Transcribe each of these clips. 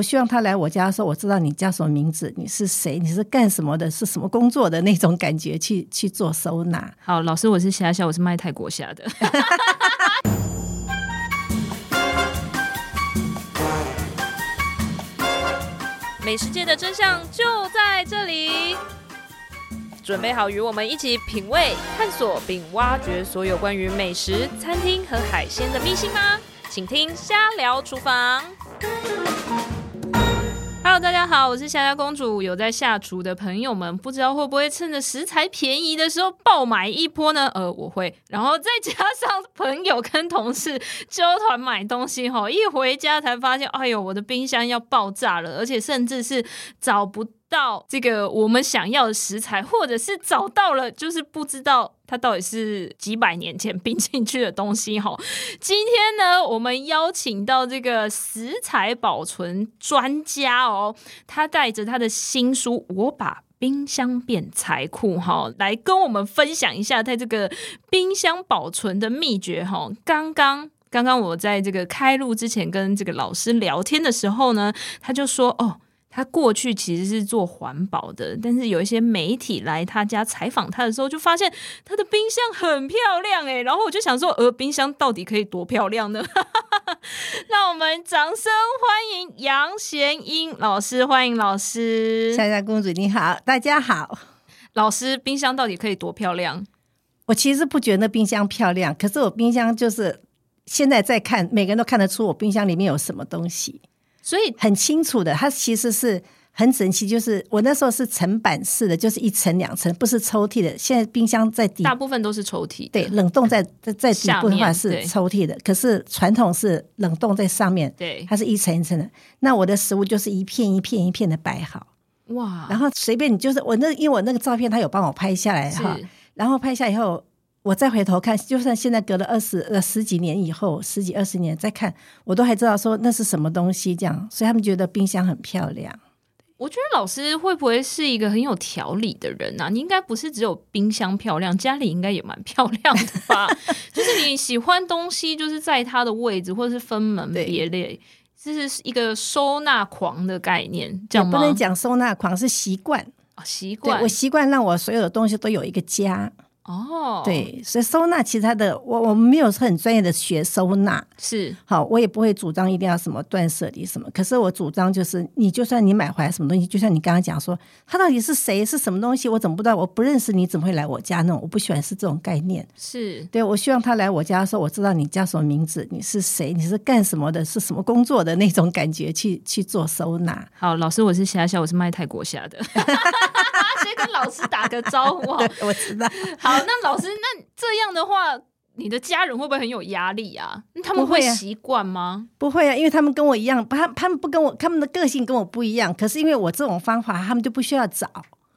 我希望他來我家的時候，我知道你叫什麼名字，你是誰，你是幹什麼的，是什麼工作的那種感覺，去去做收納。好，老師，我是蝦蝦，我是賣泰國蝦的。 美食界的真相就在這裡，準備好與我們一起品味、探索並挖掘所有關於美食、餐廳和海鮮的祕辛嗎？請聽《瞎聊廚房》。哈嘍，Hello, 大家好，我是蝦蝦公主。有在下廚的朋友們，不知道會不會趁着食材便宜的時候爆買一波呢？呃，我會，然後再加上朋友跟同事揪團買東西吼，一回家才發現，哎呦，我的冰箱要爆炸了，而且甚至是找不到這個我們想要的食材，或者是找到了，就是不知道。他到底是幾百年前冰進去的東西哈？今天呢，我們邀請到這個食材保存專家哦，他帶着他的新書《我把冰箱變財庫》哈，來跟我們分享一下他這個冰箱保存的秘訣哈。剛剛剛剛我在這個開錄之前跟這個老師聊天的時候呢，他就說哦。他過去其實是做環保的，但是有一些媒體來他家採訪他的時候，就發現他的冰箱很漂亮哎、欸，然後我就想說，呃，冰箱到底可以多漂亮呢？讓 我們掌聲歡迎楊賢英老師，歡迎老師，蝦蝦公主你好，大家好，老師，冰箱到底可以多漂亮？我其實不覺得那冰箱漂亮，可是我冰箱就是現在在看，每個人都看得出我冰箱裡面有什麼東西。所以很清楚的，它其實是很整齊。就是我那時候是層板式的，就是一層兩層，不是抽屜的。現在冰箱在底，大部分都是抽屜的。對，冷凍在在底部的話是抽屜的，可是傳統是冷凍在上面。對，它是一層一層的。對那我的食物就是一片一片一片的擺好。哇！然後隨便你，就是我那因為我那個照片，他有幫我拍下來哈。是然後拍下以後。我再回頭看，就算現在隔了二十呃十幾年以後，十幾二十年再看，我都還知道說那是什麼東西。這樣，所以他們覺得冰箱很漂亮。我覺得老師會不會是一個很有條理的人呢、啊？你應該不是只有冰箱漂亮，家裡應該也蠻漂亮的吧？ 就是你喜歡東西，就是在他的位置，或者是分門別類，對這是一個收納狂的概念，這樣嗎？不能講收納狂，是習慣啊，習慣。我習慣讓我所有的東西都有一個家。哦，oh, 對，所以收納其他的，我我們沒有很專業的學收納，是，好，我也不會主張一定要什麼斷捨離什麼。可是我主張就是，你就算你買回來什麼東西，就像你剛剛講說，他到底是誰，是什麼東西，我怎麼不知道？我不認識你，怎麼會來我家那種？我不喜歡是這種概念。是，對，我希望他來我家的時候，我知道你叫什麼名字，你是誰，你是幹什麼的，是什麼工作的那種感覺，去去做收納。好，老師，我是蝦蝦，我是賣泰國蝦的，先 跟老師打個招呼， 我知道，好。 那老師，那這樣的話，你的家人會不會很有壓力啊？他們會習慣嗎？不、啊？不會啊，因為他們跟我一樣，他他們不跟我，他們的個性跟我不一樣。可是因為我這種方法，他們就不需要找。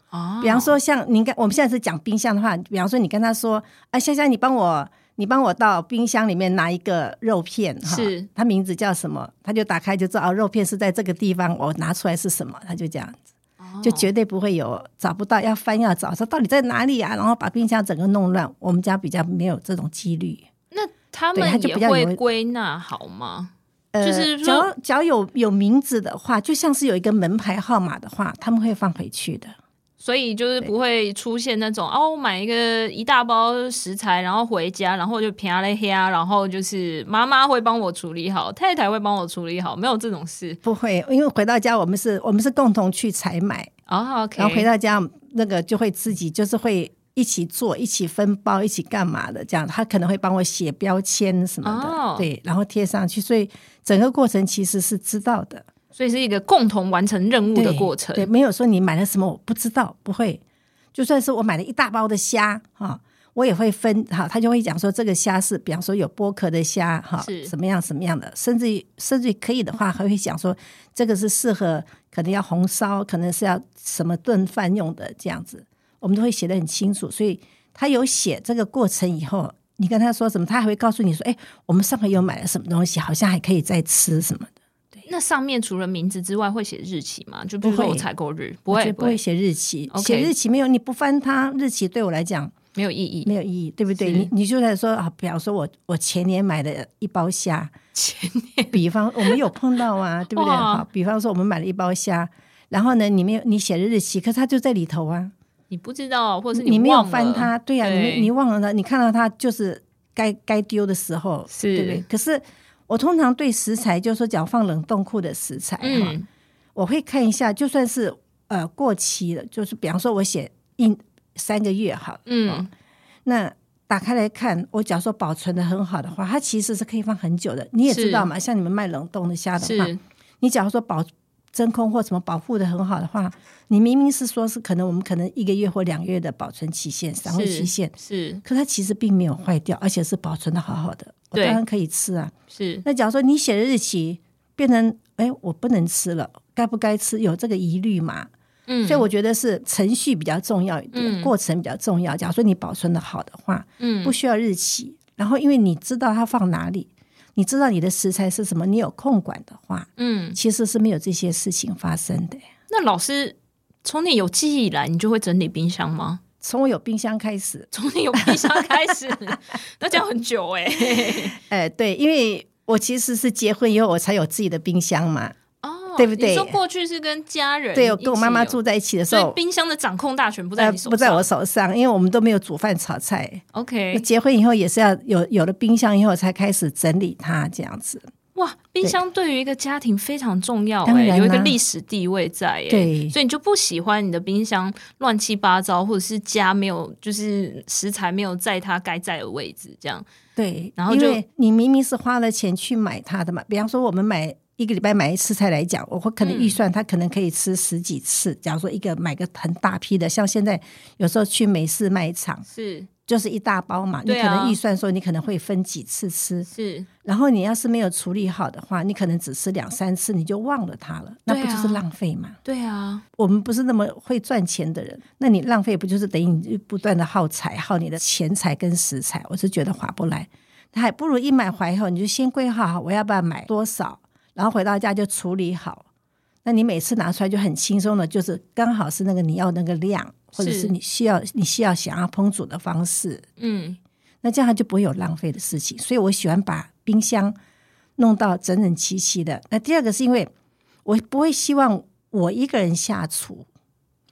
哦，比方說像你跟我們現在是講冰箱的話，比方說你跟他說：“哎、啊，蝦蝦，你幫我，你幫我到冰箱裡面拿一個肉片。”是他名字叫什麼？他就打開就知道，哦，肉片是在這個地方，我拿出來是什麼？他就這樣子。就絕對不會有找不到要翻、要找說到底在哪裡啊，然後把冰箱整個弄亂。我們家比較沒有這種幾率。那他們也會歸納好嗎？呃，就是說，只要有有名字的話，就像是有一個門牌號碼的話，他們會放回去的。所以就是不會出現那種哦，對啊，我買一個一大包食材，然後回家，然後就平了黑啊，然後就是媽媽會幫我處理好，太太會幫我處理好，沒有這種事。不會，因為回到家我們是我們是共同去採買，oh, okay. 然後回到家那個就會自己就是會一起做，一起分包，一起幹嘛的這樣。他可能會幫我寫標籤什麼的，oh. 對，然後貼上去，所以整個過程其實是知道的。所以是一個共同完成任務的過程，對，對，沒有說你買了什麼我不知道，不會，就算是我買了一大包的蝦哈、哦，我也會分哈，他就會講說這個蝦是，比方說有剝殼的蝦哈，哦、是怎麼樣什麼樣的，甚至於甚至於可以的話還會講說、嗯、這個是適合可能要紅燒，可能是要什麼燉飯用的這樣子，我們都會寫得很清楚。所以他有寫這個過程以後，你跟他說什麼，他還會告訴你說，哎，我們上回有買了什麼東西，好像還可以再吃什麼那上面除了名字之外，會寫日期嗎？就不會有採購日，不會不會寫日期。寫日期沒有，你不翻它，日期對我來講沒有意義，沒有意義，對不對？你你就在說啊，比方說我我前年買的一包蝦，前年，比方我們有碰到啊，對不對？好，比方說我們買了一包蝦，然後呢，你沒有你寫日期，可是它就在裡頭啊，你不知道，或者是你沒有翻它，對啊，你你忘了它，你看到它就是該該丟的時候，對不對？可是。我通常對食材，就是、說假如放冷凍庫的食材哈，嗯、我會看一下，就算是呃過期了，就是比方說我寫一三個月哈，嗯、哦，那打開來看，我假如說保存得很好的話，它其實是可以放很久的。你也知道嘛，是像你們賣冷凍的蝦的話，是你假如說保真空或什麼保護得很好的話，你明明是說是可能我們可能一個月或兩個月的保存期限，然後期限是，是可是它其實並沒有壞掉，而且是保存得好好的。當然可以吃啊，是。那假如說你寫的日期變成，哎，我不能吃了，該不該吃？有這個疑慮嘛？嗯，所以我覺得是程序比較重要一點，嗯、過程比較重要。假如說你保存的好的話，嗯，不需要日期。然後因為你知道它放哪裡，你知道你的食材是什麼，你有控管的話，嗯，其實是沒有這些事情發生的。那老師從你有記憶以來，你就會整理冰箱嗎？從我有冰箱開始，從你有冰箱開始，那這樣 很久哎、欸，哎、呃、對，因為我其實是結婚以後我才有自己的冰箱嘛，哦，對不對？說過去是跟家人，對，我跟我媽媽住在一起的時候，冰箱的掌控大權不在你手上，不在我手上，因為我們都沒有煮飯炒菜。OK，結婚以後也是要有有了冰箱以後才開始整理它這樣子。哇，冰箱對於一個家庭非常重要。欸當然啊，有一個歷史地位在，哎、欸，對所以你就不喜歡你的冰箱亂七八糟，或者是家沒有就是食材沒有在它該在的位置，這樣對。然後就你明明是花了錢去買它的嘛，比方說我們買一個禮拜買一次菜來講，我會可能預算它可能可以吃十幾次。嗯、假如說一個買個很大批的，像現在有時候去美式賣場是。就是一大包嘛，對啊、你可能預算說你可能會分幾次吃，是。然後你要是沒有處理好的話，你可能只吃兩三次、嗯、你就忘了它了，啊、那不就是浪費嘛？對啊，我們不是那麼會賺錢的人，那你浪費不就是等於你不斷的耗財，耗你的錢財跟食材？我是覺得划不來，他還不如一買回來後你就先規劃好我要不要買多少，然後回到家就處理好，那你每次拿出來就很輕鬆的，就是剛好是那個你要那個量。或者是你需要是你需要想要烹煮的方式，嗯，那這樣他就不會有浪費的事情。所以我喜歡把冰箱弄到整整齊齊的。那第二個是因為我不會希望我一個人下廚，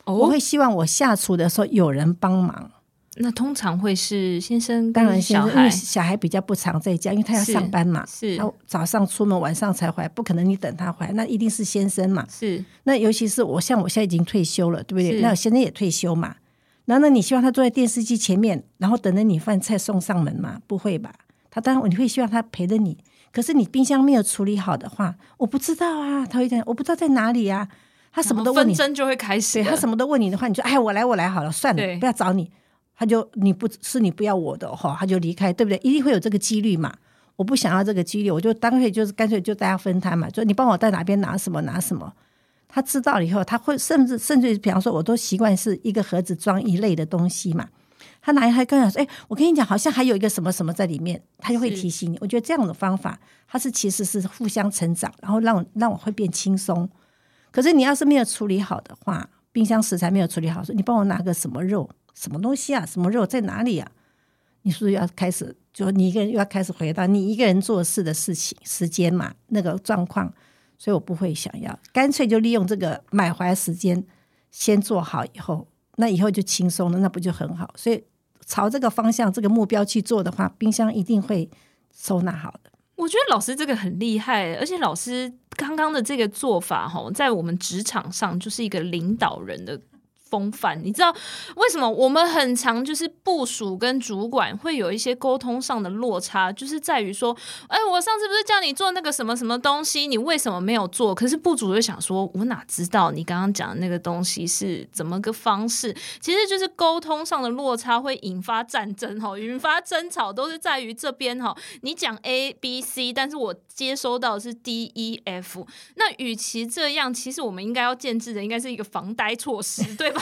哦、我會希望我下廚的時候有人幫忙。那通常會是先生，當然先生，因為小孩比較不常在家，因為他要上班嘛。是，他早上出門，晚上才回來，不可能你等他回來，那一定是先生嘛。是，那尤其是我，像我現在已經退休了，對不對？是那我先生也退休嘛。那那你希望他坐在電視機前面，然後等着你飯菜送上門嗎？不會吧？他當然，你會希望他陪着你。可是你冰箱沒有處理好的話，我不知道啊，他會講我不知道在哪裡啊，他什麼都問你，紛爭就會開始。對，他什麼都問你的話，你就哎，我來，我來好了，算了，對不要找你。他就你不是你不要我的哈、哦，他就離開，對不對？一定會有這個幾率嘛。我不想要這個幾率，我就乾脆就是乾脆就大家分攤嘛。說你幫我在哪邊拿什麼拿什麼。他知道了以後，他會甚至甚至比方說，我都習慣是一個盒子裝一類的東西嘛。他拿一盒跟說，哎、欸，我跟你講，好像還有一個什麼什麼在裡面，他就會提醒你。是我覺得這樣的方法，他是其實是互相成長，然後讓我讓我會變輕鬆。可是你要是沒有處理好的話，冰箱食材沒有處理好，說你幫我拿個什麼肉。什麼東西啊？什麼肉在哪裡啊？你是不是要開始？就你一個人又要開始回答你一個人做事的事情時間嘛？那個狀況，所以我不會想要，乾脆就利用這個買回來時間先做好，以後那以後就輕鬆了，那不就很好？所以朝這個方向、這個目標去做的話，冰箱一定會收納好的。我覺得老師這個很厲害，而且老師剛剛的這個做法，在我們職場上就是一個領導人的風範，你知道為什麼我們很常就是部屬，跟主管會有一些溝通上的落差，就是在於說，哎、欸，我上次不是叫你做那個什麼什麼東西，你為什麼沒有做？可是部屬就想說，我哪知道你剛剛講的那個東西是怎麼個方式？其實就是溝通上的落差會引發戰爭哈，引發爭吵都是在於這邊哈，你講 A B C，但是我接收到的是 D E F。那與其這樣，其實我們應該要建置的，應該是一個防呆措施，對吧？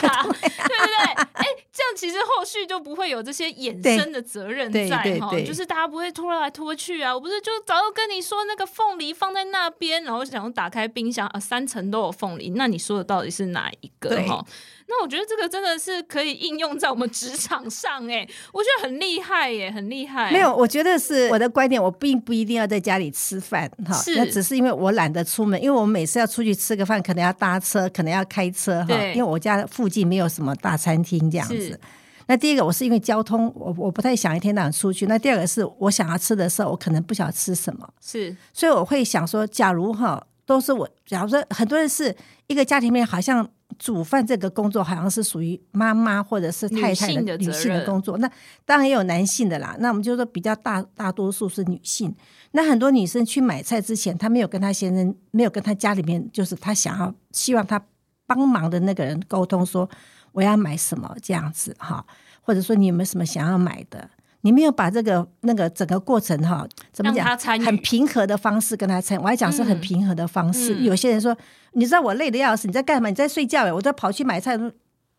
對對、啊、 對，哎，這樣其實後續就不會有這些衍生的責任在哈，就是大家不會拖來拖去啊。我不是就早就跟你說，那個鳳梨放在那邊，然後想要打開冰箱，啊三層都有鳳梨，那你說的到底是哪一個哈？對哦那我覺得這個真的是可以應用在我們職場上誒、欸，我覺得很厲害耶、欸，很厲害、啊。沒有，我覺得是我的觀點，我並不一定要在家裡吃飯哈。是，那只是因為我懶得出門，因為我每次要出去吃個飯，可能要搭車，可能要開車哈。對因為我家附近沒有什麼大餐廳這樣子。是那第一個我是因為交通，我我不太想一天到晚出去。那第二個是我想要吃的時候，我可能不曉得吃什麼。是。所以我會想說，假如哈，都是我，假如說很多人是一個家庭裡面，好像。煮飯這個工作好像是屬於媽媽或者是太太的女性的，女性的工作，那當然也有男性的啦。那我們就說比較大大多數是女性。那很多女生去買菜之前，她沒有跟她先生，沒有跟她家裡面，就是她想要希望她幫忙的那個人溝通說，我要買什麼這樣子哈，或者說你有沒有什麼想要買的？你沒有把這個那個整個過程哈、哦，怎麼講？很平和的方式跟他參，我還講是很平和的方式。嗯嗯、有些人說，你知道我累得要死，你在幹什麼？你在睡覺，我在跑去買菜，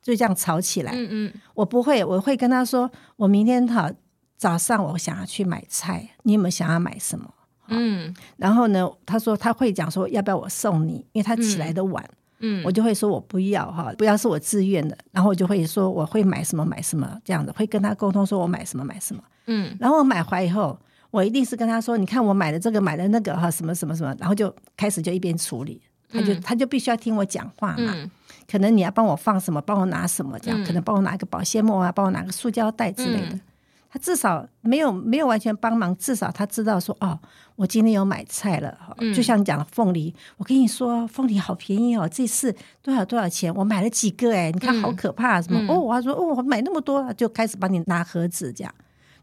就這樣吵起來。嗯嗯、我不會，我會跟他說，我明天哈早上我想要去買菜，你有沒有想要買什麼？嗯、然後呢，他說他會講說，要不要我送你？因為他起來的晚。嗯嗯，我就會說，我不要哈，不要是我自願的。嗯、然後我就會說，我會買什麼買什麼這樣子，會跟他溝通，說我買什麼買什麼。嗯，然後我買回來以後，我一定是跟他說，你看我買了這個，買了那個哈，什麼什麼什麼。然後就開始就一邊處理，嗯、他就他就必須要聽我講話嘛。嗯、可能你要幫我放什麼，幫我拿什麼這樣，可能幫我拿一個保鮮膜啊，幫我拿個塑膠袋之類的。嗯他至少沒有沒有完全幫忙，至少他知道說哦，我今天有買菜了。嗯、就像你講的鳳梨，我跟你說鳳梨好便宜哦，這次多少多少錢？我買了幾個哎、欸，你看好可怕什麼？嗯嗯、哦，我還說哦，我買那麼多，就開始幫你拿盒子這樣。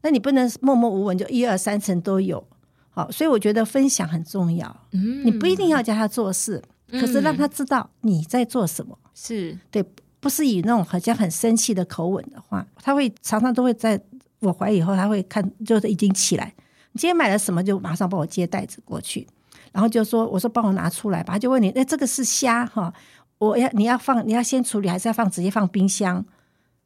那你不能默默無聞，就一二三層都有。好、哦，所以我覺得分享很重要。嗯，你不一定要教他做事，嗯、可是讓他知道你在做什麼是對，不是以那種好像很生氣的口吻的話，他會常常都會在。我回來以後，他會看，就是已經起來。你今天買了什麼？就馬上幫我接袋子過去。然後就說：“我說幫我拿出來吧。”他就問你：“那、呃、這個是蝦哈？我要你要放，你要先處理，還是要放直接放冰箱？”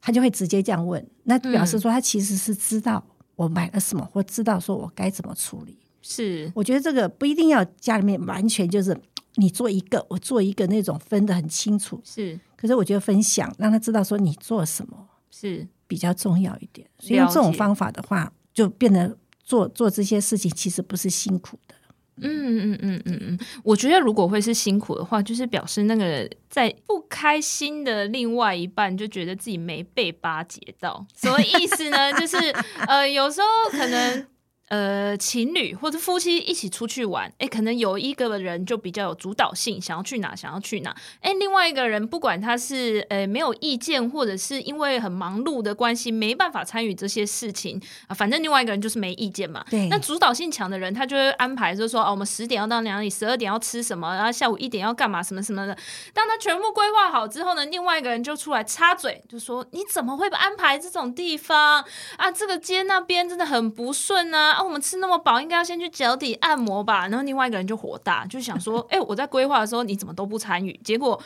他就會直接這樣問。那表示說他其實是知道我買了什麼，或知道說我該怎麼處理。是，我覺得這個不一定要家裡面完全就是你做一個，我做一個那種分得很清楚。是，可是我覺得分享讓他知道說你做什麼是。比較重要一點，所以用這種方法的話，了解。就變得做做這些事情其實不是辛苦的。嗯嗯嗯嗯嗯嗯，我覺得如果會是辛苦的話，就是表示那個人在不開心的，另外一半就覺得自己沒被巴結到，什麼意思呢？ 就是呃，有時候可能。呃，情侶或者夫妻一起出去玩，哎，可能有一個人就比較有主導性，想要去哪，想要去哪。哎，另外一個人不管他是呃沒有意見，或者是因為很忙碌的關係，沒辦法參與這些事情啊、呃。反正另外一個人就是沒意見嘛。對。那主導性強的人，他就會安排就是說，就說哦，我們十點要到哪裡，十二點要吃什麼，然、啊、後下午一點要幹嘛，什麼什麼的。當他全部規劃好之後呢，另外一個人就出來插嘴，就說你怎麼會安排這種地方啊？這個街那邊真的很不順啊。啊、哦，我們吃那麼飽，應該要先去腳底按摩吧。然後另外一個人就火大，就想說：哎、 欸，我在規劃的時候你怎麼都不參與？結果，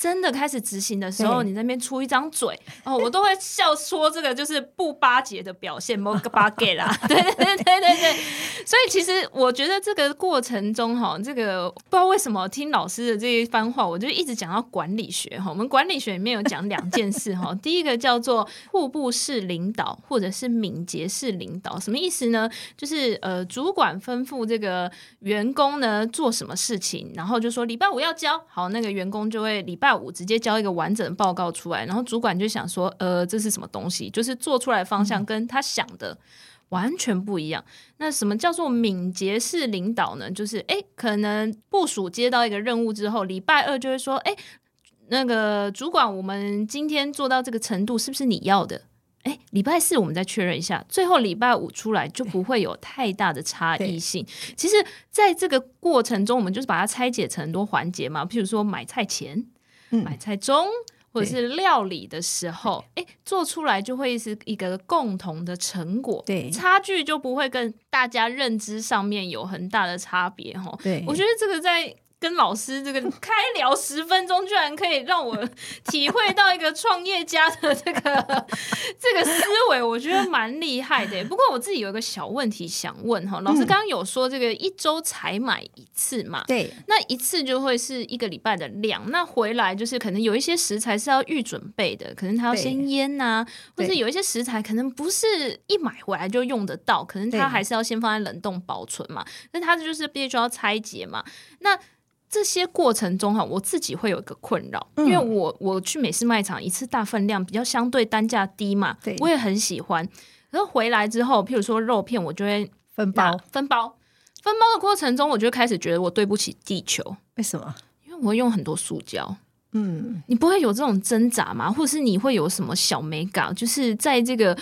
真的開始執行的時候，你那邊出一張嘴對哦，我都會笑說這個就是不巴結的表現 m o 巴 k 啦，對對對對對 所以其實我覺得這個過程中哈，這個不知道為什麼聽老師的這一番話，我就一直講到管理學哈。我們管理學裡面有講兩件事哈， 第一個叫做瀑布式領導或者是敏捷式領導，什麼意思呢？就是呃，主管吩咐這個員工呢做什麼事情，然後就說禮拜五要交，好，那個員工就會禮拜。下午直接交一個完整的報告出來，然後主管就想說，呃，這是什麼東西？就是做出來的方向跟他想的完全不一樣。嗯、那什麼叫做敏捷式領導呢？就是哎，可能部屬接到一個任務之後，禮拜二就會說，哎，那個主管，我們今天做到這個程度是不是你要的？哎，禮拜四我們再確認一下，最後禮拜五出來就不會有太大的差異性。其實，在這個過程中，我們就是把它拆解成很多環節嘛，譬如說買菜前。買菜中，或者是料理的時候，哎，嗯，欸，做出來就會是一個共同的成果，對，差距就不會跟大家認知上面有很大的差別，吼。對，我覺得這個在。跟老師這個開聊十分鐘，居然可以讓我體會到一個創業家的這個這個思維，我覺得蠻厲害的。不過我自己有一個小問題想問哈，老師剛剛有說這個一周才買一次嘛。對，那一次就會是一個禮拜的量。那回來就是可能有一些食材是要預準備的，可能他要先醃吶，或者有一些食材可能不是一買回來就用得到，可能他還是要先放在冷凍保存嘛。那他這就是必須要拆解嘛？那這些過程中哈，我自己會有一個困擾，嗯、因為我我去美式賣場一次大份量比較相對單價低嘛，對我也很喜歡。然後回來之後，譬如說肉片，我就會分包、分包、分包的過程中，我就開始覺得我對不起地球。為什麼？因為我用很多塑膠。嗯，你不會有這種掙扎嗎？或者是你會有什麼小眉角？就是在這個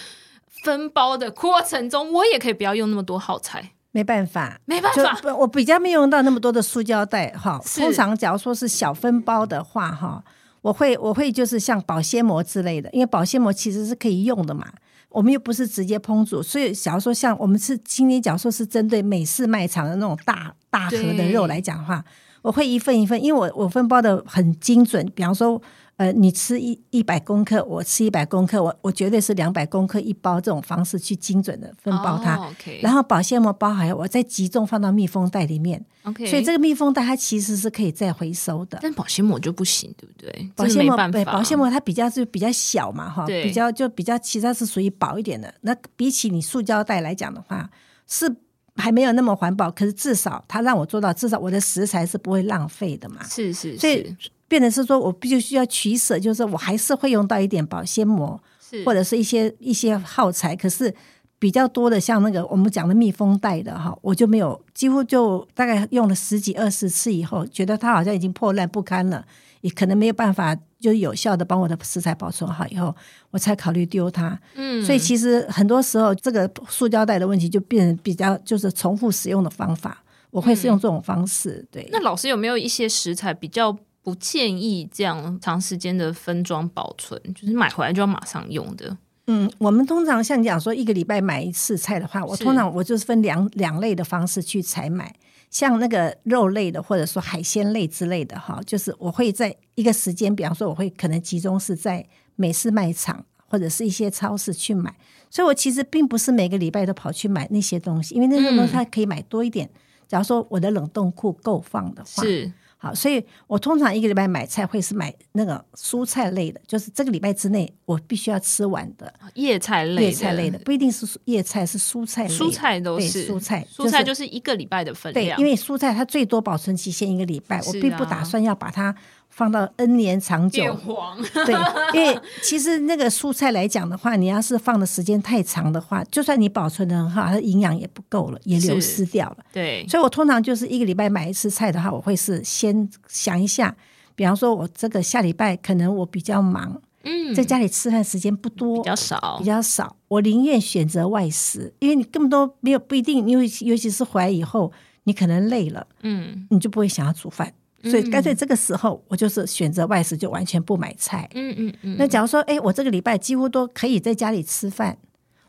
分包的過程中，我也可以不要用那麼多耗材。沒辦法，沒辦法，我比較沒用到那麼多的塑膠袋哈是、哦。通常，假如說是小分包的話哈、哦，我會我會就是像保鮮膜之類的，因為保鮮膜其實是可以用的嘛。我們又不是直接烹煮，所以假如說像我們是今天假如說是針對美式賣場的那種大大盒的肉來講的話，對我會一份一份，因為我我分包的很精準。比方說。呃，你吃一一百公克，我吃一百公克，我我絕對是兩百公克一包這種方式去精準的分包它，哦 okay、然後保鮮膜包好，我再集中放到密封袋裡面。Okay 所以這個密封袋它其實是可以再回收的。但保鮮膜就不行，對不對？保鮮膜對，保鮮膜它比較是比較小嘛哈，對比較就比較，其實是屬於薄一點的。那比起你塑膠袋來講的話，是還沒有那麼環保，可是至少它讓我做到，至少我的食材是不會浪費的嘛。是是是。所以變成是說，我必須需要取捨，就是我還是會用到一點保鮮膜，是或者是一些一些耗材。可是比較多的，像那個我們講的密封袋的哈，我就沒有，幾乎就大概用了十幾二十次以後，覺得它好像已經破爛不堪了，也可能沒有辦法就有效的幫我的食材保存好，以後我才考慮丟它。嗯，所以其實很多時候這個塑膠袋的問題就變成比較就是重複使用的方法，我會是用這種方式。嗯、對，那老師有沒有一些食材比較？不建議這樣長時間的分裝保存，就是買回來就要馬上用的。嗯，我們通常像你講說一個禮拜買一次菜的話，是我通常我就是分兩兩類的方式去採買，像那個肉類的或者說海鮮類之類的哈，就是我會在一個時間，比方說我會可能集中是在美式賣場或者是一些超市去買，所以我其實並不是每個禮拜都跑去買那些東西，因為那些東西它可以買多一點。嗯、假如說我的冷凍庫夠放的話，是。好，所以我通常一個禮拜買菜會是買那個蔬菜類的，就是這個禮拜之內我必須要吃完的葉菜類的、葉菜類的，不一定是葉菜，是蔬菜類的，蔬菜都是蔬菜，蔬菜、就是就是、就是一個禮拜的分量，對，因為蔬菜它最多保存期限一個禮拜，我並不打算要把它。放到 N 年長久黃，變狂 對，因為其實那個蔬菜來講的話，你要是放的時間太長的話，就算你保存的很好，它營養也不夠了，也流失掉了。對，所以我通常就是一個禮拜買一次菜的話，我會是先想一下，比方說，我這個下禮拜可能我比較忙，嗯，在家裡吃飯時間不多、嗯，比較少，比較少，我寧願選擇外食，因為你根本都沒有不一定，因為尤其是回來以後，你可能累了，嗯，你就不會想要煮飯。所以乾脆這個時候，我就是選擇外食，嗯嗯，就完全不買菜。嗯嗯嗯。那假如說，哎、欸，我這個禮拜幾乎都可以在家裡吃飯，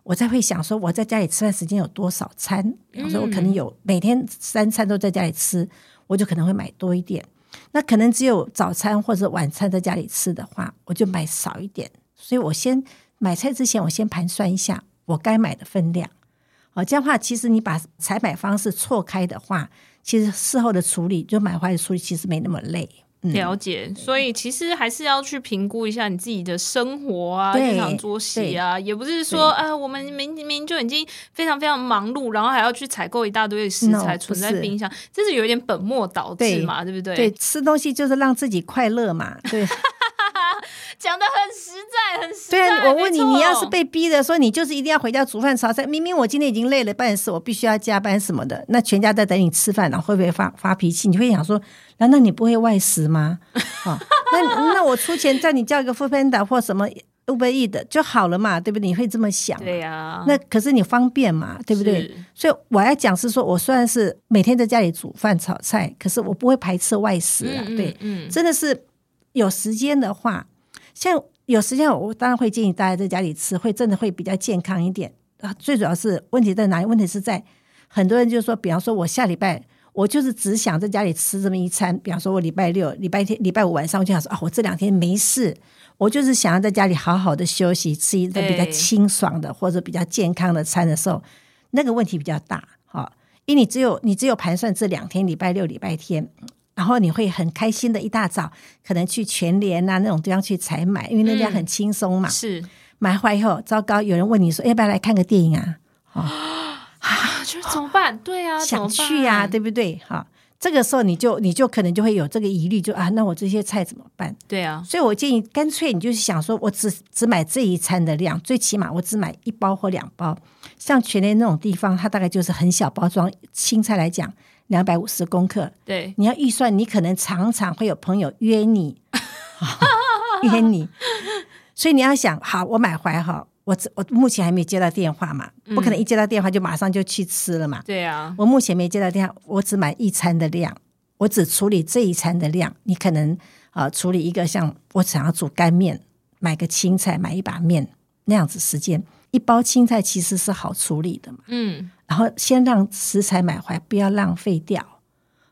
我才會想說，我在家裡吃飯時間有多少餐？嗯嗯，所以我可能有每天三餐都在家裡吃，我就可能會買多一點。那可能只有早餐或者晚餐在家裡吃的話，我就買少一點。所以我先買菜之前，我先盤算一下我該買的分量。好，這樣的話，其實你把採買方式錯開的話。其實事後的處理，就買回來的處理，其實沒那麼累。嗯、了解，所以其實還是要去評估一下你自己的生活啊，日常對作息啊，也不是說對啊，我們明明就已經非常非常忙碌，對然後還要去採購一大堆的食材 no, 存在冰箱，是這是有點本末倒置嘛，對，對不對？對，吃東西就是讓自己快樂嘛，對。 講講得很實在，很實在。對啊，我問你，錯哦、你要是被逼的，說你就是一定要回家煮飯炒菜。明明我今天已經累了，辦事我必須要加班什麼的，那全家在等你吃飯，啊，然後會不會發發脾氣？你會想說，難道你不會外食嗎？啊、 哦，那那我出錢叫你叫一個 foodpanda 或什麼 Uber Eat 的就好了嘛，對不對？你會這麼想？對呀、啊。那可是你方便嘛，對不對？是所以我要講是說，我雖然是每天在家裡煮飯炒菜，可是我不會排斥外食啊。對，嗯嗯嗯，真的是有時間的話。像有時間，我當然會建議大家在家裡吃，會真的會比較健康一點。啊，最主要是問題在哪裡？問題是在很多人就是說，比方說，我下禮拜我就是只想在家裡吃這麼一餐。比方說，我禮拜六、禮拜天、禮拜五晚上，我就想說啊，我這兩天沒事，我就是想要在家裡好好的休息，吃一頓比較清爽的對或者比較健康的餐的時候，那個問題比較大，好，哦，因為你只有你只有盤算這兩天，禮拜六、禮拜天。然後你會很開心的一大早，可能去全聯啊那種地方去採買，因為那邊很輕鬆嘛。嗯、是買回來以後，糟糕，有人問你說：“欸、要不要來看個電影啊？”啊、哦、啊，就是怎麼辦？對啊，想去呀、啊，對不對？哈、哦，這個時候你就你就可能就會有這個疑慮，就啊，那我這些菜怎麼辦？對啊，所以我建議，乾脆你就是想說，我只只買這一餐的量，最起碼我只買一包或兩包。像全聯那種地方，它大概就是很小包裝，青菜來講。兩百五十公克，對，你要預算，你可能常常會有朋友約你， 約你，所以你要想，好，我買回來哈，我我目前還沒接到電話嘛，不可能一接到電話就馬上就去吃了嘛，對啊、嗯，我目前沒接到電話，我只買一餐的量，我只處理這一餐的量，你可能啊、呃、處理一個像我想要煮乾麵，買個青菜，買一把麵那樣子時間。一包青菜其實是好處理的嘛，嗯，然後先讓食材買回來，不要浪費掉，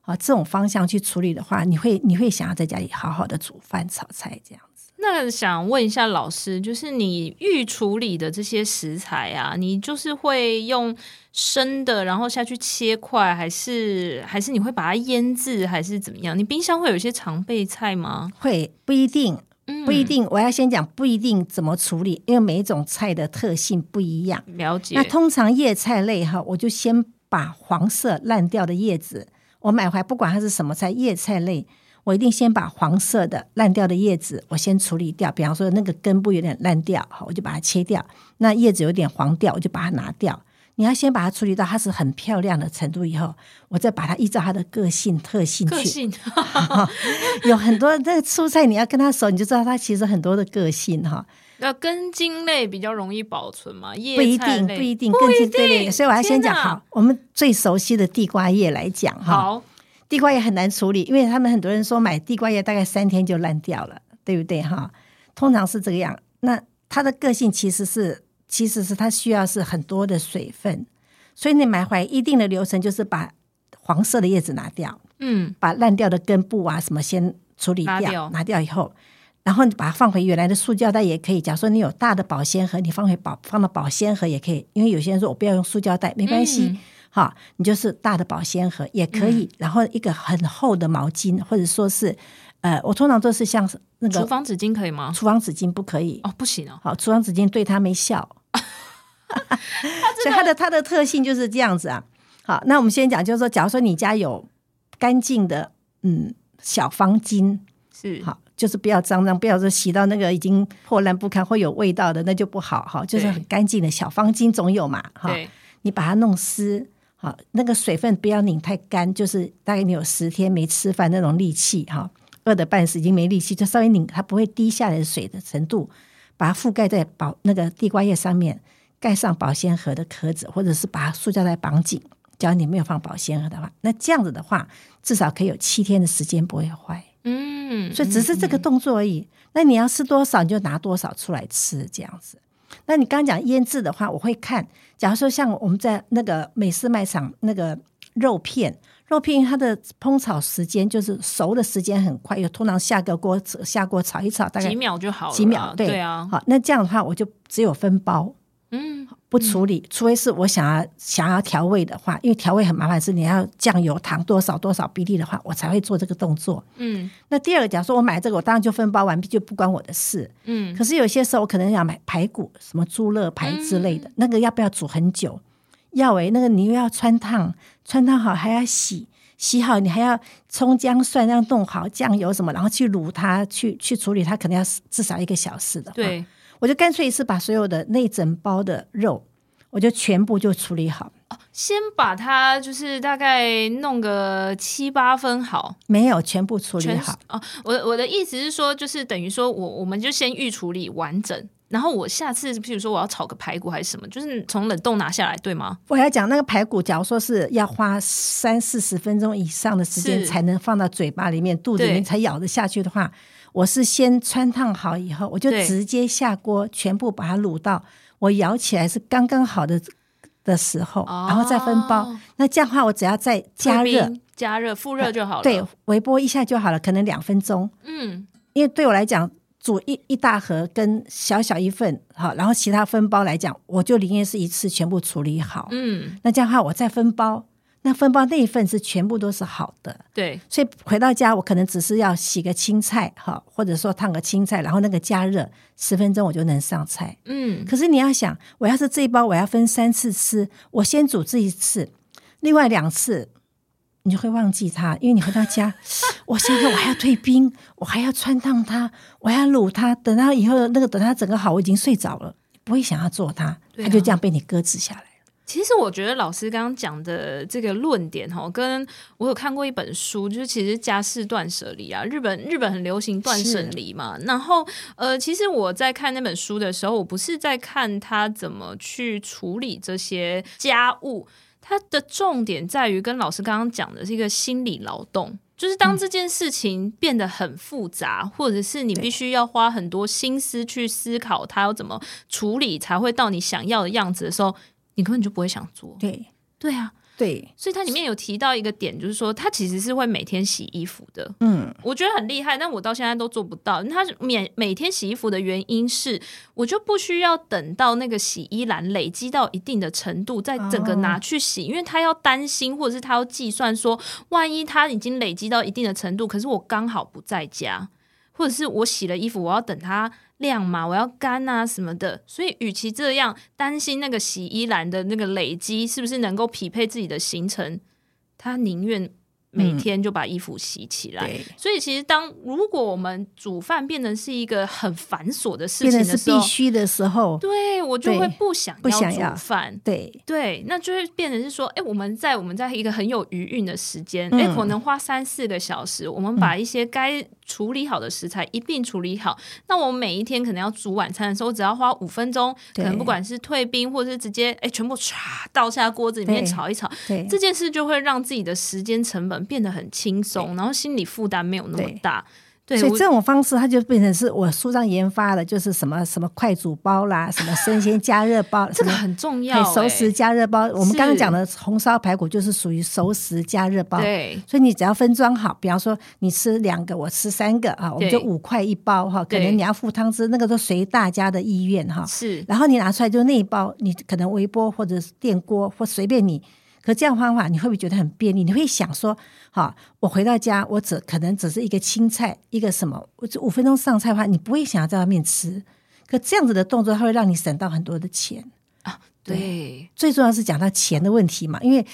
啊，這種方向去處理的話，你會你會想要在家裡好好的煮飯炒菜這樣子。那想問一下老師，就是你預處理的這些食材啊，你就是會用生的，然後下去切塊，還是還是你會把它醃製，還是怎麼樣？你冰箱會有一些常備菜嗎？會，不一定。不一定，我要先講不一定怎麼處理，因為每一種菜的特性不一樣。了解。那通常葉菜類哈，我就先把黃色爛掉的葉子，我買回來不管它是什麼菜，葉菜類，我一定先把黃色的爛掉的葉子我先處理掉。比方說那個根部有點爛掉，好，我就把它切掉。那葉子有點黃掉，我就把它拿掉。你要先把它處理到它是很漂亮的程度以後，我再把它依照它的個性特性去。個性、啊。 有很多的、這個蔬菜，你要跟它熟，你就知道它其實很多的個性哈。 那根莖類比較容易保存嘛？不一定，不一定，根莖這類。所以我要先講天、啊、好我們最熟悉的地瓜葉來講哈。好，地瓜葉很難處理，因為他們很多人說買地瓜葉大概三天就爛掉了，對不對哈？通常是這個樣。那它的個性其實是。其實是它需要是很多的水分，所以你買回來一定的流程就是把黃色的葉子拿掉，嗯，把爛掉的根部啊什麼先處理掉，拿掉，拿掉以後，然後你把它放回原來的塑膠袋也可以。假如說你有大的保鮮盒，你放回保放到保鮮盒也可以。因為有些人說我不要用塑膠袋，沒關係，嗯、哈，你就是大的保鮮盒也可以。嗯、然後一個很厚的毛巾或者說是。呃，我通常都是像那個廚房紙巾可以嗎？廚房紙巾不可以哦，不行哦、啊。好，廚房紙巾對它沒效，啊、 所以它的它的特性就是這樣子啊。好，那我們先講，就是說，假如說你家有乾淨的嗯小方巾是好，就是不要髒髒，不要說洗到那個已經破爛不堪，會有味道的，那就不好哈。就是很乾淨的對小方巾總有嘛哈。好對你把它弄濕，好，那個水分不要擰太乾，就是大概你有十天沒吃飯那種力氣哈。好餓的半死，已經沒力氣，就稍微擰，它不會滴下來的水的程度，把它覆蓋在保那個地瓜葉上面，蓋上保鮮盒的殼子，或者是把它塑膠袋綁緊。假如你沒有放保鮮盒的話，那這樣子的話，至少可以有七天的時間不會壞。嗯，所以只是這個動作而已。嗯、那你要吃多少，你就拿多少出來吃，這樣子。那你剛剛講醃制的話，我會看。假如說像我們在那個美式賣場那個肉片。肉片它的烹炒時間就是熟的時間很快，又通常下個鍋下鍋炒一炒，大概幾秒就好了，幾秒對,對啊。好、哦，那這樣的話我就只有分包，嗯，不處理，嗯、除非是我想要想要調味的話，因為調味很麻煩，是你要醬油糖多少多少比例的話，我才會做這個動作。嗯，那第二個假如說我買這個，我當然就分包完畢，就不關我的事。嗯，可是有些時候我可能要買排骨，什麼豬肋排之類的，嗯、那個要不要煮很久？要哎，那個你又要汆燙，汆燙好還要洗，洗好你還要蔥薑蒜這樣弄好，醬油什麼，然後去滷它，去去處理它，可能要至少一個小時的。對，我就乾脆一次把所有的那整包的肉，我就全部就處理好。哦，先把它就是大概弄個七八分好，沒有全部處理好。哦，我我的意思是說，就是等於說我我們就先預處理完整。然後我下次，比如說我要炒個排骨還是什麼，就是從冷凍拿下來，對嗎？我還要講那個排骨，假如說是要花三四十分鐘以上的時間才能放到嘴巴裡面，是肚子裡面才咬得下去的話，對我是先汆燙好以後，我就直接下鍋，對全部把它滷到我咬起來是剛剛好的的時候，哦、然後再分包。那這樣的話，我只要再加熱、加熱復熱就好了，對，微波一下就好了，可能兩分鐘。嗯，因為對我來講。煮一一大盒跟小小一份，好，然後其他分包來講，我就寧願是一次全部處理好。嗯，那這樣的話我再分包，那分包那一份是全部都是好的。對，所以回到家我可能只是要洗個青菜，哈，或者說燙個青菜，然後那個加熱十分鐘我就能上菜。嗯，可是你要想，我要是這一包我要分三次吃，我先煮這一次，另外兩次。你就會忘記他，因為你回到家， 我現在我還要退冰， 我還要汆燙他，我還要擼他，等他以後那個等他整個好，我已經睡着了，不會想要做他，啊、他就這樣被你擱置下來。其實我覺得老師剛剛講的這個論點哈，跟我有看過一本書，就是其實家事斷捨離啊，日本日本很流行斷捨離嘛。是然後呃，其實我在看那本書的時候，我不是在看他怎麼去處理這些家務。它的重點在於跟老師剛剛講的這個心理勞動，就是當這件事情變得很複雜，嗯、或者是你必須要花很多心思去思考，它要怎麼處理才會到你想要的樣子的時候，你根本就不會想做。對，對啊。對，所以他裡面有提到一個點，是就是說他其實是會每天洗衣服的。嗯，我覺得很厲害，但我到現在都做不到。他是免每天洗衣服的原因是，我就不需要等到那個洗衣籃累積到一定的程度，再整個拿去洗，哦，因為他要擔心，或者是他要計算說，萬一他已經累積到一定的程度，可是我剛好不在家，或者是我洗了衣服，我要等他。量嘛，我要乾啊什麼的，所以與其這樣擔心那個洗衣籃的那個累積是不是能夠匹配自己的行程，他寧願每天就把衣服洗起來。嗯、所以其實當如果我們煮飯變成是一個很繁瑣的事情的，變成是必須的時候，對，我就會不想要煮飯。對對，對，那就會變成是說，哎，我們在我們在一個很有餘韻的時間，哎、嗯，可能花三四個小時，我們把一些該。嗯處理好的食材一併處理好，那我每一天可能要煮晚餐的時候，我只要花五分鐘，對可能不管是退冰，或者是直接誒、欸、全部刷倒下鍋子裡面炒一炒，這件事就會讓自己的時間成本變得很輕鬆，對然後心理負擔沒有那麼大。所以這種方式，它就變成是我書上研發的，就是什麼什麼快煮包啦，什麼生鮮加熱包， 這個很重要欸。熟食加熱包，是 我們剛剛講的紅燒排骨就是屬於熟食加熱包。對，所以你只要分裝好，比方說你吃兩個，我吃三個啊，我們就五塊一包哈。可能你要付湯汁，那個都隨大家的意願哈。是，然後你拿出來就那一包，你可能微波或者電鍋或隨便你。可這樣方法你會不會覺得很便利？你會想說，哈、哦，我回到家，我只可能只是一個青菜，一個什麼，我五分鐘上菜的話，你不會想要在外面吃。可這樣子的動作，它會讓你省到很多的錢啊。對，對，最重要是講到錢的問題嘛，因為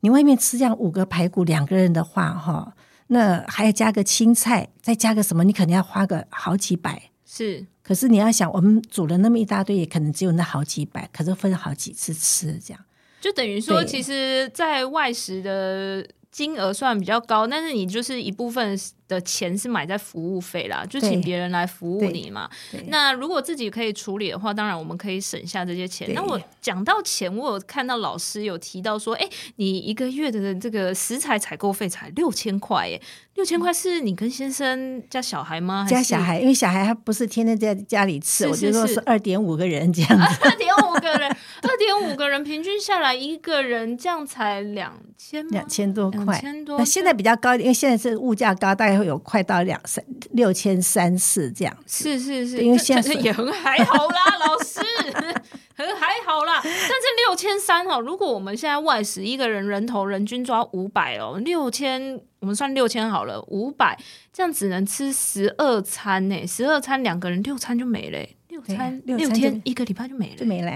你外面吃這樣五個排骨兩個人的話，哈、哦，那還要加個青菜，再加個什麼，你肯定要花個好幾百。是，可是你要想，我們煮了那麼一大堆，也可能只有那好幾百，可是分了好幾次吃這樣。就等於說，其實在外食的金額算比較高，對但是你就是一部分的錢是買在服務費啦，就請別人來服務你嘛。那如果自己可以處理的話，當然我們可以省下這些錢。那我講到錢，我有看到老師有提到說，哎，你一個月的這個食材採購費才六千塊耶！六千塊是你跟先生加小孩嗎？加小孩，因為小孩他不是天天在家裡吃，我就說是二點五個人這樣子。二點五個人，二點五個人平均下來一個人這樣才兩千兩千多塊，兩千多。那現在比較高，因為現在是物價高，大概會。有快到兩三六千三四這樣，是是是，因為現在也很還好啦， 老師，很還好啦，但是六千三哦。如果我們現在外食一個人人頭人均抓五百哦，六千我們算六千好了，五百這樣只能吃十二餐呢，十二餐兩個人六餐就沒了，六餐六、六、天一個禮拜就沒了，就沒了。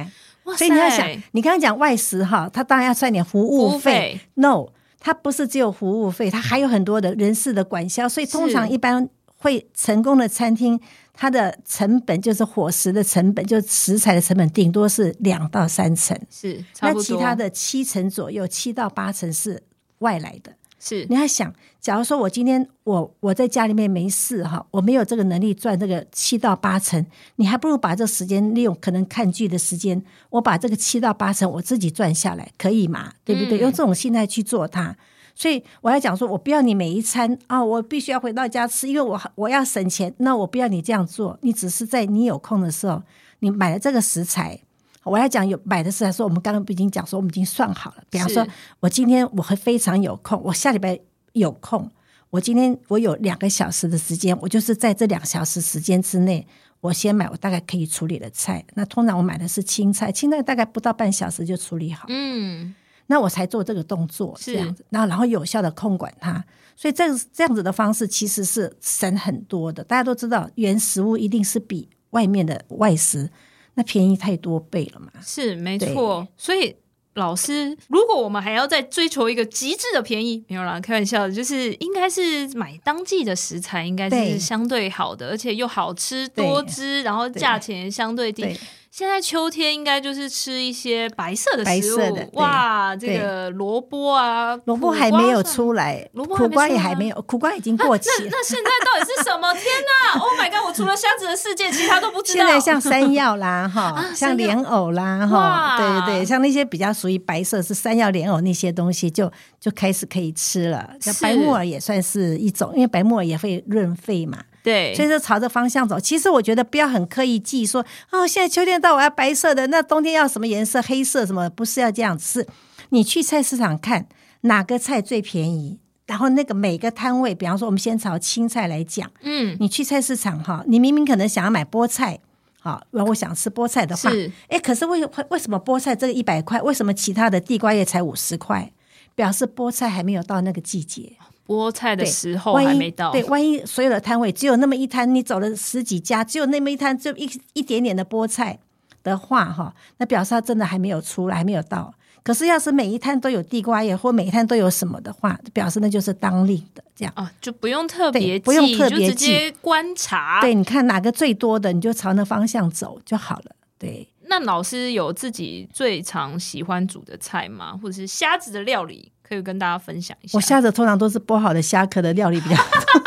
哇塞，所以你要想，你剛剛講外食哈、哦，他當然要算點服務費，服務費，no。它不是只有服務費，它還有很多的人事的管銷，所以通常一般會成功的餐廳，它的成本就是伙食的成本，就食材的成本，頂多是兩到三成，是，那其他的七成左右，七到八成是外來的。是，你要想，假如說我今天我我在家裡面沒事哈，我沒有這個能力賺這個七到八成，你還不如把這時間利用，可能看劇的時間，我把這個七到八成我自己賺下來，可以嗎？對不對？嗯、用這種心態去做它，所以我要講說，我不要你每一餐啊、哦，我必須要回到家吃，因為我我要省錢，那我不要你這樣做，你只是在你有空的時候，你買了這個食材。我要講有買的事，還說我們剛剛已經講說我們已經算好了。比方說，是我今天我很非常有空，我下禮拜有空，我今天我有兩個小時的時間，我就是在這兩小時時間之內，我先買我大概可以處理的菜。那通常我買的是青菜，青菜大概不到半小時就處理好。嗯，那我才做這個動作是這樣子，那然後有效的控管它，所以這這樣子的方式其實是省很多的。大家都知道，原食物一定是比外面的外食。那便宜太多倍了嘛。是沒錯，對所以老師，如果我們還要再追求一個極致的便宜，沒有啦，開玩笑的，就是應該是買當季的食材，應該是相對好的，對而且又好吃多汁，對然後價錢相對低。對對現在秋天應該就是吃一些白色的食物，哇，這個蘿蔔啊，蘿蔔還沒有出來，苦瓜也還沒有，苦瓜已經過期了。那現在到底是什麼？天哪！Oh my god！我除了箱子的世界，其他都不知道。現在像山藥啦，哈，像蓮藕啦，哈，對對對，像那些比較屬於白色，是山藥、蓮藕那些東西，就就開始可以吃了。像白木耳也算是一種，因為白木耳也會潤肺嘛。對，所以說朝着方向走。其實我覺得不要很刻意記說，哦，現在秋天到我要白色的，那冬天要什麼顏色？黑色什麼？不是要這樣吃。你去菜市場看哪個菜最便宜，然後那個每個攤位，比方說我們先朝青菜來講，嗯，你去菜市場哈，你明明可能想要買菠菜，好，如果我想吃菠菜的話，是，哎，可是為為什麼菠菜這個一百塊？為什麼其他的地瓜葉才五十塊？表示菠菜還沒有到那個季節。菠菜的時候還沒到對，對，萬一所有的攤位只有那麼一攤，你走了十幾家，只有那麼一攤，就一一點點的菠菜的話，哈、哦，那表示它真的還沒有出來，還沒有到。可是要是每一攤都有地瓜葉，或每一攤都有什麼的話，表示那就是當令的，這樣啊，就不用特別記不用特別記就直接記觀察。對，你看哪個最多的，你就朝那方向走就好了。對，那老師有自己最常喜歡煮的菜嗎？或者是蝦子的料理？可以跟大家分享一下，我蝦子通常都是剝好的蝦殼的料理比較多，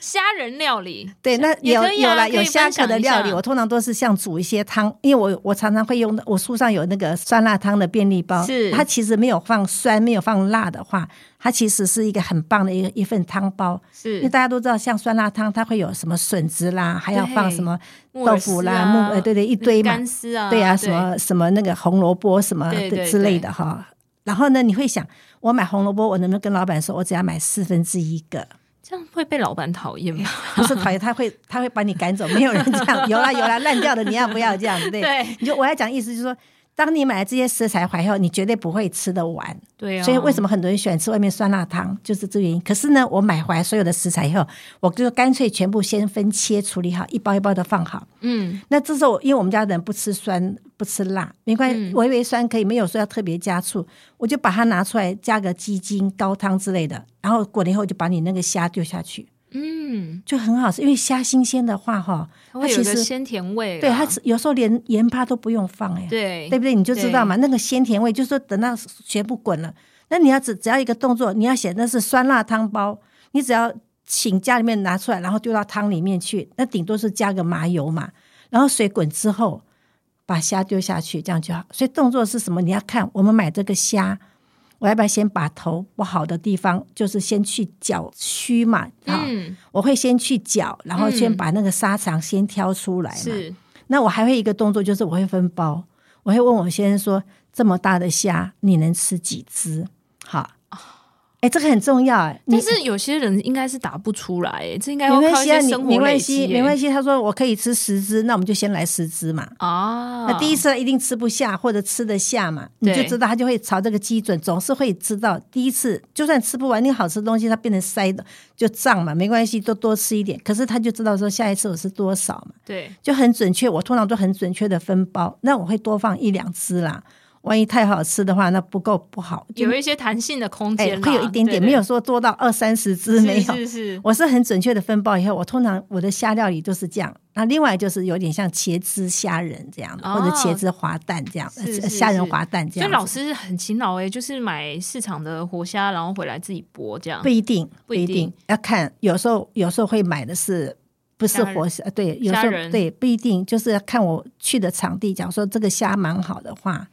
蝦仁料理對。那有有了有蝦殼的料理，我通常都是像煮一些湯，因為我我常常會用的我書上有那個酸辣湯的便利包，是它其實沒有放酸沒有放辣的話，它其實是一個很棒的一個一份湯包，是因為大家都知道像酸辣湯，它會有什麼筍子啦，還要放什麼豆腐啦，木耳對對一堆干絲啊，對呀，什麼什麼那個紅蘿蔔什麼之類的哈。然後呢，你會想，我買紅蘿蔔，我能不能跟老闆說，我只要買四分之一個？這樣會被老闆討厭嗎？不是討厭，他會，他會把你趕走。 沒有人這樣，有啦有啦，爛 掉的，你要不要這樣？對，對。你就我要講意思，就是說。當你買了這些食材回來後，你絕對不會吃得完。對、哦、所以為什麼很多人喜歡吃外面酸辣湯，就是這原因。可是呢，我買回來所有的食材以後，我就乾脆全部先分切處理好，一包一包的放好。嗯，那這時候因為我們家人不吃酸不吃辣，沒關係，微微酸可以，沒有說要特別加醋，嗯、我就把它拿出來加個雞精、高湯之類的，然後滾了以後就把你那個蝦丟下去。嗯，就很好吃，因為蝦新鮮的話，哈，它有一個鮮甜味、啊。對，它有時候連鹽巴都不用放呀，哎，對，對不對？你就知道嘛，對那個鮮甜味，就是、說等到全部滾了，那你要只只要一個動作，你要寫的是酸辣湯包，你只要請家裡面拿出來，然後丟到湯裡面去，那頂多是加個麻油嘛，然後水滾之後把蝦丟下去，這樣就好。所以動作是什麼？你要看我們買這個蝦。我要不要先把頭不好的地方，就是先去攪鬚嘛？啊，嗯、我會先去攪，然後先把那個沙腸先挑出來嘛、嗯。是，那我還會一個動作，就是我會分包，我會問我先生說：這麼大的蝦，你能吃幾隻？好。哎，這個很重要，但是有些人應該是打不出來，你這應該要靠一些生活累積。沒關係，沒關係，沒關係。他說我可以吃十隻，那我們就先來十隻嘛。哦、啊，那第一次他一定吃不下或者吃得下嘛，對你就知道他就會朝這個基準，總是會知道第一次就算吃不完你好吃東西，它變成塞的就脹嘛，沒關係，都多吃一點。可是他就知道說下一次我吃多少嘛，對，就很準確。我通常都很準確的分包，那我會多放一兩隻啦。萬一太好吃的話，那不夠不好，有一些彈性的空間，哎，會有一點點，沒有說多到二三十只沒有。是是是，我是很準確的分包以後，我通常我的蝦料理就是這樣。那另外就是有點像茄汁蝦仁這樣的，或者茄子滑蛋這樣，蝦仁滑蛋這樣。所以老師很勤勞哎，就是買市場的活蝦，然後回來自己剝這樣。不一定，不一定要看。有時候有時候會買的是不是活蝦？對，有時候對不一定，就是看我去的場地。假如說這個蝦蠻好的話，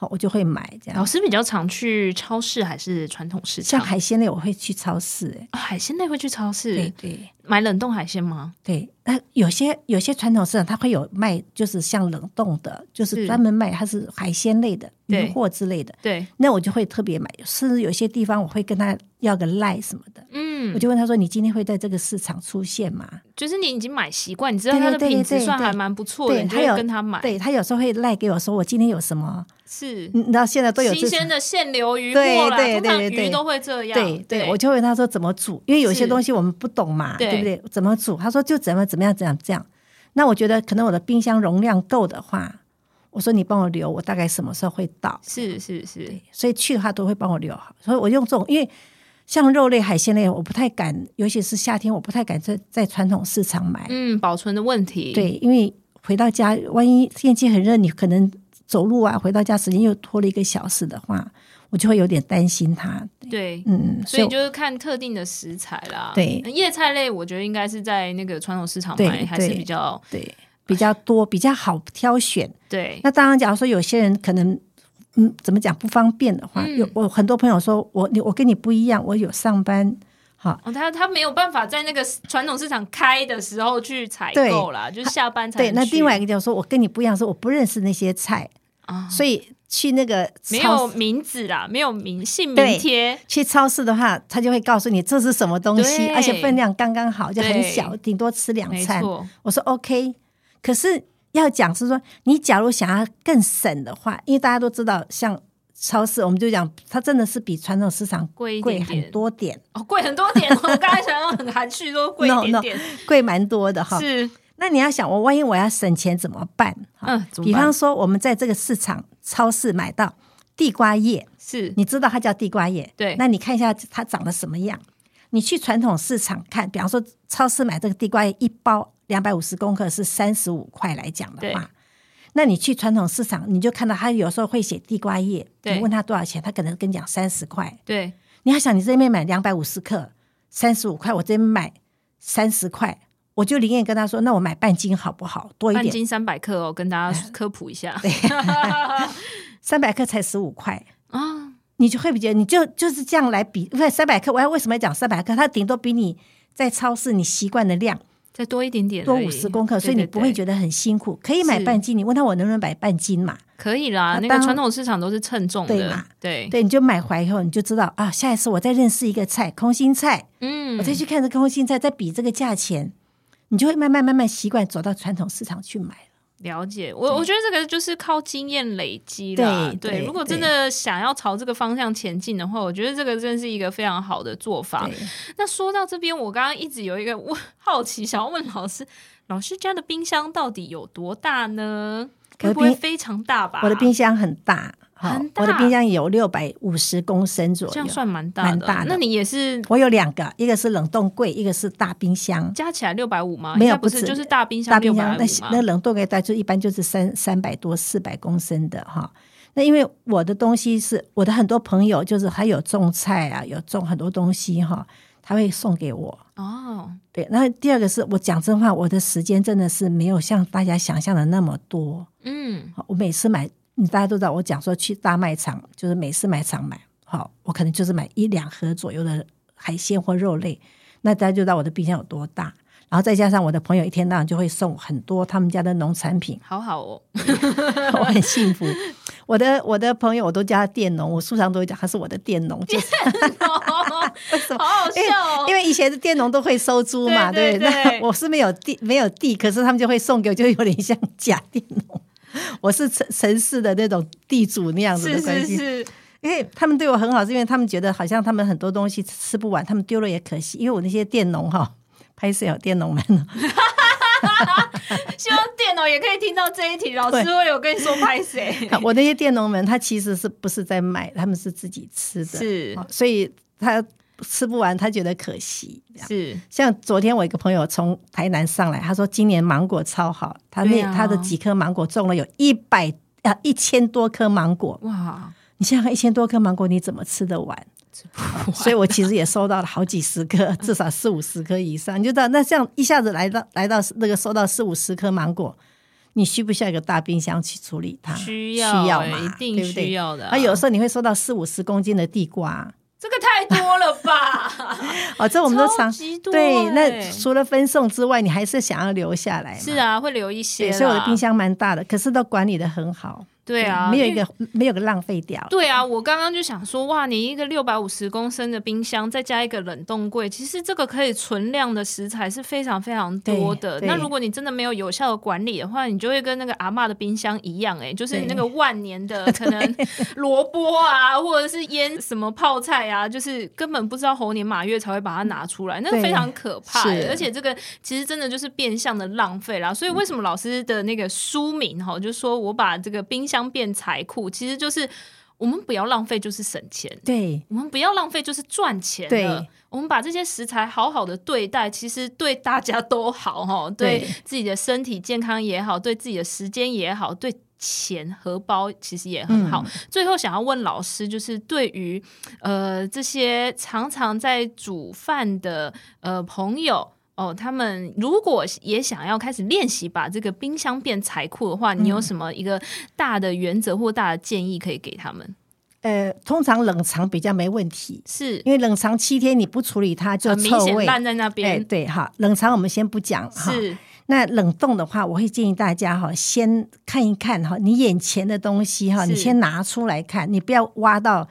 好我就會買這樣。老師比較常去超市還是傳統市場？像海鮮類，我會去超市。哎、哦，海鮮類會去超市，對對。對，買冷凍海鮮嗎？對。那有些有些傳統市場，它會有賣，就是像冷凍的，就是專門賣，它是海鮮類的魚貨是之類的。對。那我就會特別買，甚至有些地方我會跟他要個 LINE 什麼的。我就問他說：“你今天會在這個市場出現嗎？”就是你已經買習慣，你知道他的品質算還蠻不錯的，所以跟他買。對，他有時候會賴給我說：“我今天有什麼？”是，你知道現在都有新鮮的現流魚過來，對，通常魚都會這樣。對對，我就問他說：“怎麼煮？”因為有些東西我們不懂嘛，對不對？怎麼煮？他說：“就怎麼怎麼樣，怎樣這樣。”那我覺得可能我的冰箱容量夠的話，我說：“你幫我留，我大概什麼時候會到？”是是是，所以去的話都會幫我留好。所以我用這種，因為。像肉類、海鮮類，我不太敢，尤其是夏天，我不太敢在在傳統市場買。嗯，保存的問題。對，因為回到家，萬一天氣很熱，你可能走路啊，回到家時間又拖了一個小時的話，我就會有點擔心它。對，對嗯，所以，所以就是看特定的食材啦。對，嗯、葉菜類，我覺得應該是在那個傳統市場買，對，還是比較對，對比較多、比較好挑選。對，那當然，假如說有些人可能。嗯，怎麼講不方便的話，嗯、有我很多朋友說，我你我跟你不一樣，我有上班，哈，哦、他他沒有辦法在那個傳統市場開的時候去採購啦，對就是下班才。對，那另外一個就說，我跟你不一樣，說我不認識那些菜，哦、所以去那個沒有名字啦，沒有名姓名貼，去超市的話，他就會告訴你這是什麼東西，對而且分量剛剛好，就很小，頂對多吃兩餐。錯我說 OK，可是。要講是說，你假如想要更省的話，因為大家都知道，像超市，我們就講它真的是比傳統市場貴貴很多點，貴一點點，哦，貴很多點。我剛才想到很含蓄，都貴一點，貴蠻多的哈。是，那你要想，我萬一我要省錢怎麼辦？嗯，怎麼辦？比方說，我們在這個市場超市買到地瓜葉，是，你知道它叫地瓜葉，對，那你看一下它長得什麼樣。你去傳統市場看，比方說超市買這個地瓜葉一包兩百五十公克是三十五塊來講的話，對那你去傳統市場，你就看到他有時候會寫地瓜葉。對，你問他多少錢？他可能跟你講三十塊。對，你要想你這邊買兩百五十克三十五塊，塊我這邊買三十塊，我就寧願跟他說，那我買半斤好不好？多一點。半斤三百克哦，跟大家科普一下，三百 對 克才十五塊啊。哦你就會比較你就就是這樣來比，不是三百克？我要為什麼要講三百克？它頂多比你在超市你習慣的量再多一點點，多五十公克，對對對所以你不會覺得很辛苦。可以買半斤，是你問他我能不能買半斤嘛？可以啦，那,當那個傳統市場都是稱重的，對嘛對,對，你就買回來以後你就知道啊，下一次我再認識一個菜，空心菜，嗯，我再去看這個空心菜，再比這個價錢，你就會慢慢慢慢習慣走到傳統市場去買。了解，我對我覺得這個就是靠經驗累積了。對，對如果真的想要朝這個方向前進的話，對我覺得這個真是一個非常好的做法。對那說到這邊，我剛剛一直有一個我好奇，想要問老師：老師家的冰箱到底有多大呢？該不會非常大吧？我我的冰箱很大。我的冰箱有六百五十公升左右，這樣算蠻大的。蠻大的。那你也是，我有兩個，一個是冷凍櫃，一個是大冰箱，加起來六百五嗎？沒有，不是，就是大冰箱，大冰箱嗎那那冷凍櫃大概就一般就是三三百多、四百公升的哈。那因為我的東西是，我的很多朋友就是還有種菜啊，有種很多東西哈，他會送給我哦。對，那第二個是我講真話，我的時間真的是沒有像大家想象的那麼多。嗯，我每次買。你大家都知道，我講說去大賣場，就是每次賣場買好，我可能就是買一兩盒左右的海鮮或肉類。那大家就知道我的冰箱有多大。然後再加上我的朋友一天到晚就會送很多他們家的農產品，好好哦， 我很幸福。 我的我的朋友我都叫他佃農，我書上都會講他是我的佃農，因為以前的佃農都會收租嘛，對不對？我是沒有地，沒有地，可是他們就會送給我，就有點像假佃農。我是城市的那種地主那樣子的關係，是是是因為他們對我很好，是因為他們覺得好像他們很多東西吃不完，他們丟了也可惜。因為我那些佃農哈、哦，拍攝有佃農們， 希望佃農也可以聽到這一題，老師我有跟你說拍誰，對 我那些佃農們，他其實是不是在賣，他們是自己吃的，是，所以他。吃不完，他覺得可惜。是像昨天我一個朋友從台南上來，他說今年芒果超好，他那、啊、他的幾顆芒果種了有一百啊一千多顆芒果。哇！你想想一千多顆芒果，你怎麼吃得完？不完 所以，我其實也收到了好幾十顆， 至少四五十顆以上。你就知道那像一下子來到來到那個收到四五十顆芒果，你需不需要一個大冰箱去處理它？需要、欸，需要，一定需要的、哦。對對啊、有的時候你會收到四五十公斤的地瓜。這個太多了吧？ 哦，這我們都常。欸、對，那除了分送之外，你還是想要留下來？是啊，會留一些對。所以我的冰箱蠻大的，可是都管理得很好。對啊，對沒有一個為沒有個浪費掉。對啊，我剛剛就想說，哇，你一個六百五十公升的冰箱，再加一個冷凍櫃，其實這個可以存量的食材是非常非常多的。那如果你真的沒有有效的管理的話，你就會跟那個阿嬤的冰箱一樣，欸，哎，就是那個萬年的可能蘿蔔啊，對或者是醃什麼泡菜啊，就是根本不知道猴年馬月才會把它拿出來，那個，非常可怕，欸。而且這個其實真的就是變相的浪費啦。所以為什麼老師的那個書名哈，就說我把這個冰箱變財庫，其實就是我們不要浪費，就是省錢；對，我們不要浪費，就是賺錢。對，我們把這些食材好好的對待，其實對大家都好吼，對自己的身體健康也好，對自己的時間也好，對錢荷包其實也很好。嗯，最後想要問老師，就是對於呃這些常常在煮飯的呃朋友。哦，他們如果也想要開始練習把這個冰箱變財庫的話，你有什麼一個大的原則或大的建議可以給他們？嗯，呃，通常冷藏比較沒問題，是因為冷藏七天你不處理它就臭味。呃，明顯爛在那邊。欸，對哈，冷藏我們先不講哈。是，那冷凍的話，我會建議大家哈，先看一看哈，你眼前的東西哈，你先拿出來看，你不要挖到。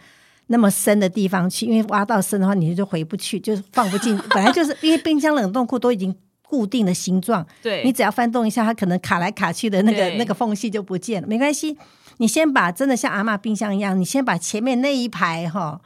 那麼深的地方去，因為挖到深的話，你就回不去，就放不進。 本來就是因為冰箱冷凍庫都已經固定的形狀，對。 你只要翻動一下，它可能卡來卡去的那個對那個縫隙就不見了，沒關係。你先把真的像阿嬤冰箱一樣，你先把前面那一排哈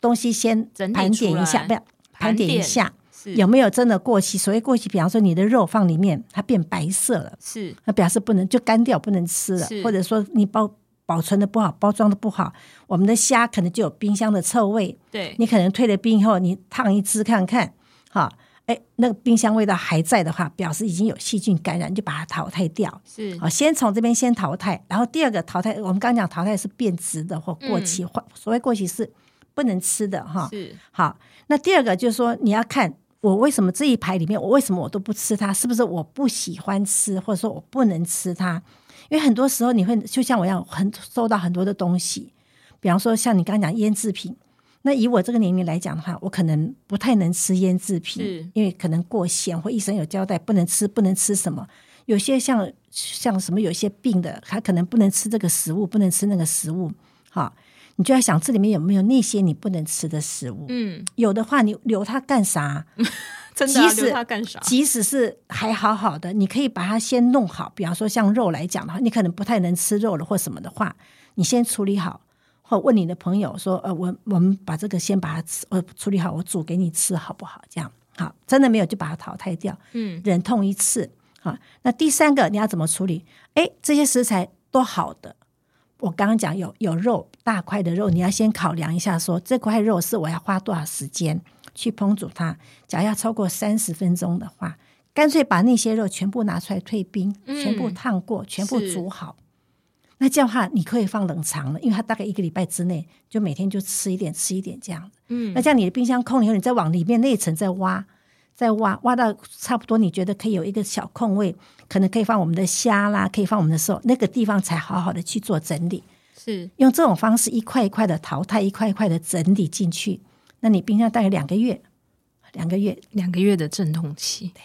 東西先盤點一下，不要盤點一下是有沒有真的過期。所謂過期，比方說你的肉放裡面它變白色了，是那表示不能就乾掉不能吃了，是或者說你包。保存的不好，包裝的不好，我們的蝦可能就有冰箱的臭味。對，你可能退了冰以後，你燙一隻看看，哈、哦，哎，那個冰箱味道還在的話，表示已經有細菌感染，就把它淘汰掉。是，啊，先從這邊先淘汰，然後第二個淘汰，我們剛剛講淘汰是變質的或過期，或、嗯、所謂過期是不能吃的哈。哦、是，好，那第二個就是說，你要看我為什麼這一排裡面，我為什麼我都不吃它？是不是我不喜歡吃，或者說我不能吃它？因為很多時候你會就像我一樣，很收到很多的東西，比方說像你剛剛講醃制品，那以我這個年齡來講的話，我可能不太能吃醃制品，嗯、因為可能過鹹或醫生有交代不能吃，不能吃什麼。有些像像什麼有些病的，還可能不能吃這個食物，不能吃那個食物。哈、啊，你就要想這裡面有沒有那些你不能吃的食物？嗯，有的話你留它幹啥？ 真的啊，他乾即使即使是還好好的，好，你可以把它先弄好。比方說，像肉來講的話，你可能不太能吃肉了，或什麼的話，你先處理好，或問你的朋友說：“呃，我我們把這個先把它吃，哦，處理好，我煮給你吃，好不好？”這樣好，真的沒有就把它淘汰掉。嗯，忍痛一次，好，那第三個你要怎麼處理？哎，這些食材都好的，我剛剛講有有肉大塊的肉，你要先考量一下說，說這塊肉是我要花多少時間。去烹煮它，假設，要超過三十分鐘的話，乾脆把那些肉全部拿出來退冰，嗯、全部燙過，全部煮好。是那這樣的話，你可以放冷藏了，因為它大概一個禮拜之內，就每天就吃一點，吃一點這樣。嗯、那這樣你的冰箱空了以後，你再往裡面內層再挖，再挖，挖到差不多，你覺得可以有一個小空位，可能可以放我們的蝦啦，可以放我們的肉，那個地方才好好的去做整理。是用這種方式一塊一塊的淘汰，一塊一塊的整理進去。那你冰箱大概兩個月，兩個月兩個月的陣痛期，對，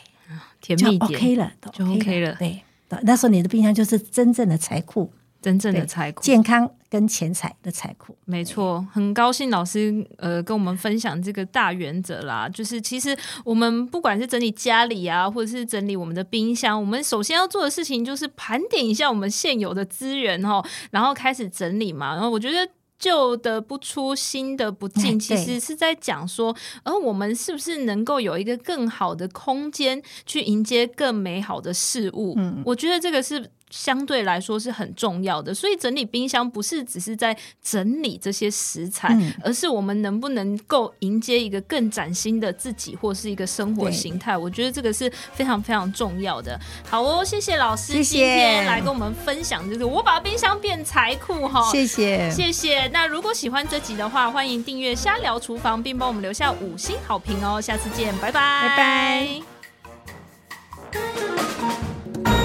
甜蜜點就 OK 了，就 OK 了。OK 了對，對對那時候你的冰箱就是真正的財庫，真正的財庫，對對健康跟錢財的財庫。沒錯錯，對很高興老師呃跟我們分享這個大原則啦，就是其實我們不管是整理家裡啊，或者是整理我們的冰箱，我們首先要做的事情就是盤點一下我們現有的資源哦，然後開始整理嘛。然後我覺得。舊的不出，新的不進，嗯、其實是在講說，而、呃、我們是不是能夠有一個更好的空間去迎接更美好的事物？嗯，我覺得這個是。相對來說是很重要的，所以整理冰箱不是只是在整理這些食材，嗯、而是我們能不能夠迎接一個更嶄新的自己，或是一個生活形態。對我覺得這個是非常非常重要的。好哦，謝謝老師今天來跟我們分享這個，謝謝就是我把冰箱變財庫哈。謝謝謝謝。那如果喜歡這集的話，歡迎訂閱“瞎聊廚房”，並幫我們留下五星好評哦。下次見，拜拜拜拜。嗯嗯